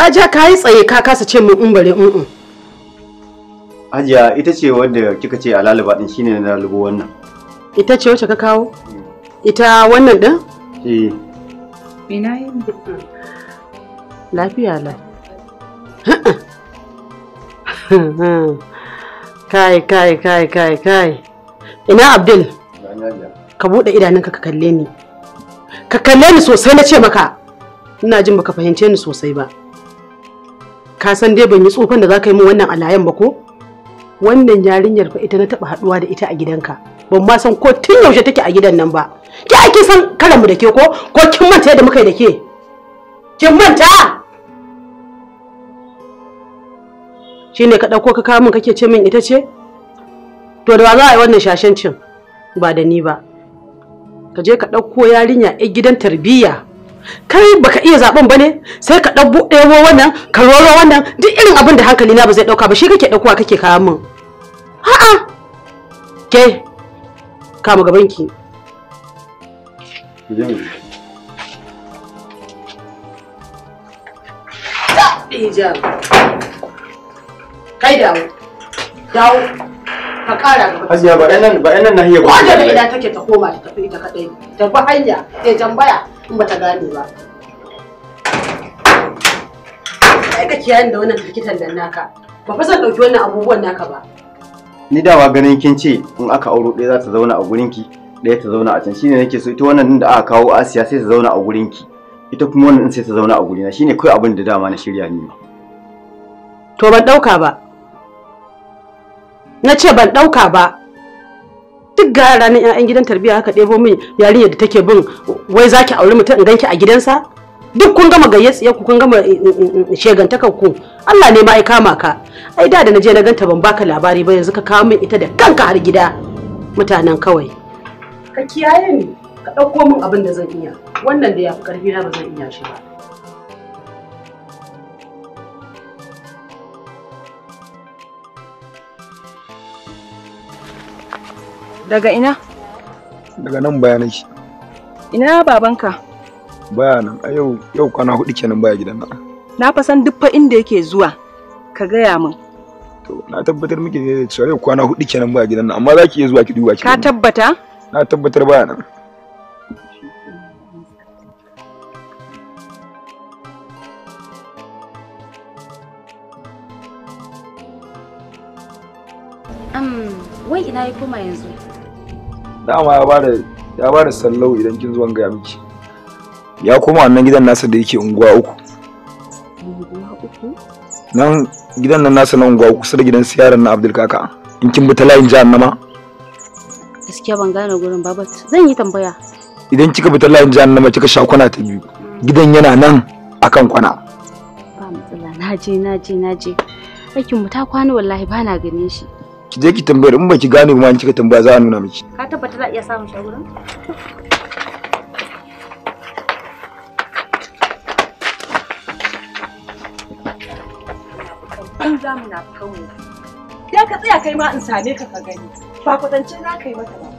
ka ja ka yi tsaye ka kasa ce min umbare un'un. Hajiya ita ce wanda kika ce a laluba din shine na lalubo wannan. Ita ce wacce ka kawo? Mm. Ita wannan din? Eh. Ina yin Lafiya la. Kai kai kai kai kai. Ina Abdul. Ka buɗe idanunka ka kalle ni. Ka kalle ni sosai na ce maka. Ina jin baka fahimce ni sosai ba. ka san dai ban yi tsufan da za ka yi min wannan alayan ba ko wannan yarinyar fa ita na taba haduwa da ita a gidanka ban ma san ko tun yaushe take a gidan nan ba ki ake san karanmu da ke ko ko kin manta yadda muka yi da ke kin manta shine ka dauko ka kawo min kake ce min ita ce to da za a yi wannan shashancin ba da ni ba ka je ka dauko yarinya a gidan tarbiyya kai baka iya zaben bane sai ka dan buɗewo wannan ka roro wannan duk irin abin da hankali na ba zai dauka ba shi kake daukowa kake kawo min a'a ke kama gaban ki kai dawo dawo ka kara gaba hajiya ba ɗan nan ba ɗan nan na hiyar ba ko da ina take ta koma ta na ta ba hanya jambaya in bata gane ba kai ka kiyan da wannan firkitan da naka ba fa zan dauki wannan abubuwan naka ba ni dawa ganin kin ce in aka auro ɗaya za ta zauna a gurinki ɗaya ta zauna a can shine nake so ita wannan da aka kawo Asiya sai ta zauna a gurinki ita kuma wannan sai ta zauna a gurina shine kai abin da dama na shirya ni ma to ban dauka ba na ce ban dauka ba duk ga ranar 'ya'yan gidan tarbiyya haka ɗebo min yarinya da take bin wai zaki auri mutum in ganki a gidansa duk kun gama gayyatsiya ku kun gama eh, eh, eh, shegantakar ku Allah ne ma ai kama ka ai da da naje na ganta ban baka labari ba yanzu ka kawo min ita da kanka har gida mutanen kawai ka kiyaye ni ka ɗauko min abin da zan iya wannan da ya fi ƙarfi na ba zan iya shi ba Daga ina? Daga nan bayanai. Ina babanka? Baya nan, a yau yau kwana hudu kenan baya gidan nan. Na fa san duk fa inda yake zuwa. Ka gaya min. To, na tabbatar miki ne cewa yau kwana hudu kenan baya gidan nan, amma za ki iya zuwa ki duba ki. Ka tabbata? Na tabbatar baya nan. wai ina ya koma yanzu? dama ya bada ya bada sallau idan kin zuwan ga miki ya koma wannan gidan nasa da yake unguwa uku nan gidan nan nasa na unguwa uku kusa da gidan siyaran na Abdul Kaka in kin bi ta layin jahannama gaskiya ban gane gurin babat zan yi tambaya idan kika bi ta layin jahannama kika sha kwana ta biyu gidan yana nan akan kwana ba matsala naje naje naje aikin mu ta kwana wallahi bana ganin shi ki je ki tambaya in baki gane kuma an cika tambaya za a nuna miki ka tabbata za a iya samun shagurin in za mu na kawo ya ka tsaya kai ma in same ka ka gani ba kwatance za ka yi mata ba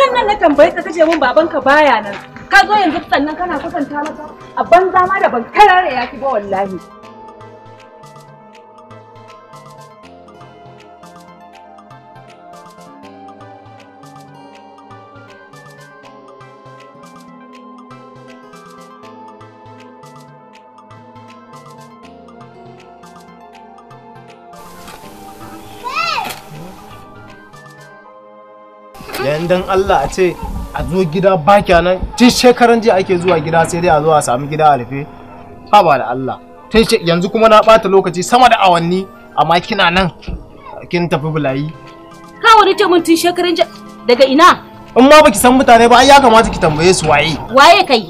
nan nan na tambaye ka kace mun babanka baya nan ka zo yanzu sannan kana kusanta masa. a banza ma da ban karare ya ki ba wallahi yayin dan Allah a ce a zo gida ba nan tun shekaran jiya ake zuwa gida sai dai a zo a samu gida a rufe haba da Allah tun yanzu kuma na bata lokaci sama da awanni amma kina nan kin tafi bulayi ka wani ce mun tun shekaran jiya daga ina in ma baki san mutane ba ai ya kamata ki tambaye su waye waye kai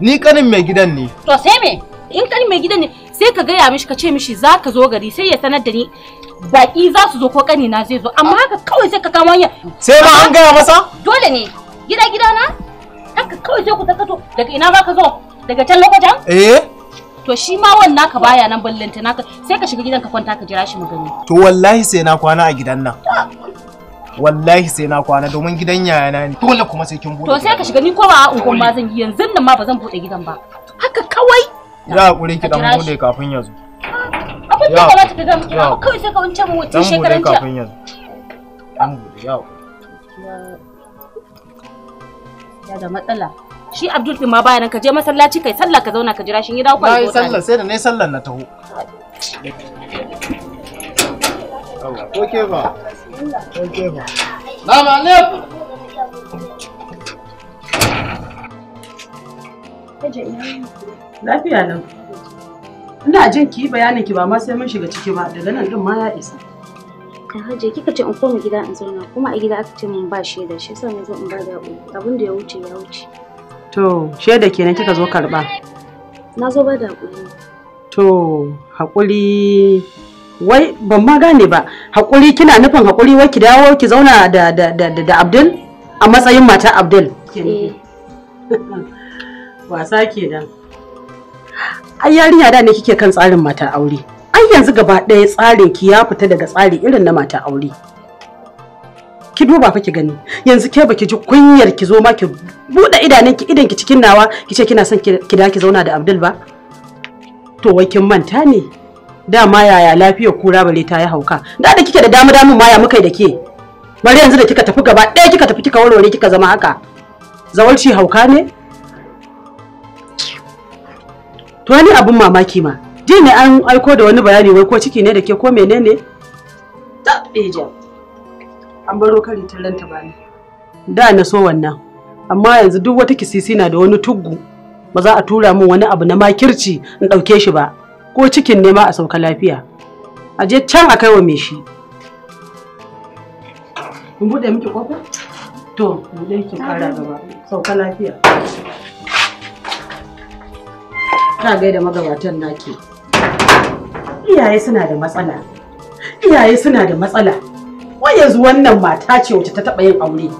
ni kanin mai gidan ne to sai me in kanin mai gidan ne sai ka gaya mishi ka ce mishi za ka zo gari sai ya sanar da ni baki za su zo ko kani na zai zo amma haka kawai sai ka kama hanya sai ma an gaya masa dole ne gida gida na haka kawai sai ku kato daga ina za ka zo daga can lokacin eh to shi ma wannan ka baya nan ballanta naka sai ka shiga gidan ka kwanta ka jira shi mu gani to wallahi sai na kwana a gidan nan wallahi sai na kwana domin gidan yayana ne dole kuma sai kin bude to sai ka shiga ni ko ba ungon ma zan yi yanzu nan ma ba zan bude gidan ba haka kawai ya hakuri ki dan bude kafin ya zo abin da kamata ka kawai sai ka mu wuce shekaran jiya kafin yanzu an ya da matsala shi Abdul din ma nan ka je masallaci kai sallah ka zauna ka jira shi ya dawo na yi sallah sai da nayi sallah na taho ba. ba. ne. Lafiya nan. ina jin ki bayanin ki ba ma sai mun shiga ciki ba daga nan din ma ya isa ka haje kika ce in koma gida in zauna kuma a gida aka ce mun ba shi da shi sai na zo in ba da hakuri abin da ya wuce ya wuce to shaida kenan kika zo karba na zo ba da hakuri to hakuri wai ban ma gane ba hakuri kina nufin hakuri wai ki dawo ki zauna da da da, da Abdul a matsayin mata Abdul eh. wasa kenan ai yarinya da ne kike kan tsarin mata aure ai yanzu gaba ɗaya tsarin ki ya fita daga tsari irin na mata aure ki duba fa ki gani yanzu ke baki ji kunyar ki zo ma ki bude idanun ki idan ki cikin nawa ki ce kina son ki da ki zauna da Abdul ba to wai kin manta ne dama yaya lafiyar kura bare ta yi hauka da da kike da damu damu ma ya da ke bari yanzu da kika tafi gaba ɗaya kika tafi kika warware kika zama haka zawalci hauka ne to wani abin mamaki ma ji ne an aiko da wani bayani wai ko ciki ne da ke ko menene ta beja eh, an baro kari tallan ta bani da na so wannan amma yanzu duk wata kisisi na da wani tuggu ba za a tura min wani abu na makirci in ɗauke shi ba ko cikin ne ma a sauka lafiya a je can a kai wa me shi Mun buɗe miki kofa to buɗe ki fara gaba sauka lafiya Ka da magabatan naki. Iyaye suna da matsala. Iyaye suna da matsala. Wai yanzu wannan mata ce wacce ta taɓa yin aure.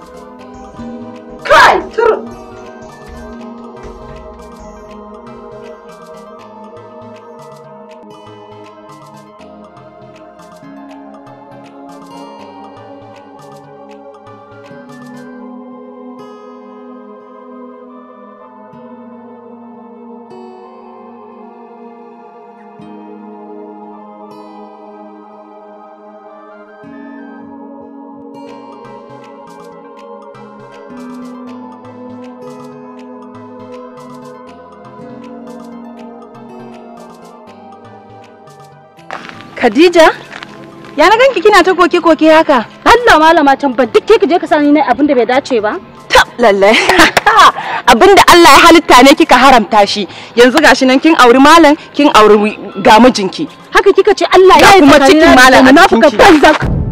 Khadija? Ya na ganki kina ta koke-koke haka? Allah malama tamban duk ke je ka sani na abinda da bai dace ba. Ta lallai. abinda Allah ya halitta ne kika haramta shi. Yanzu gashi nan kin auri malam, kin auri ga mijinki. Haka kika ce Allah ya yi kuma cikin malam a cikin ki.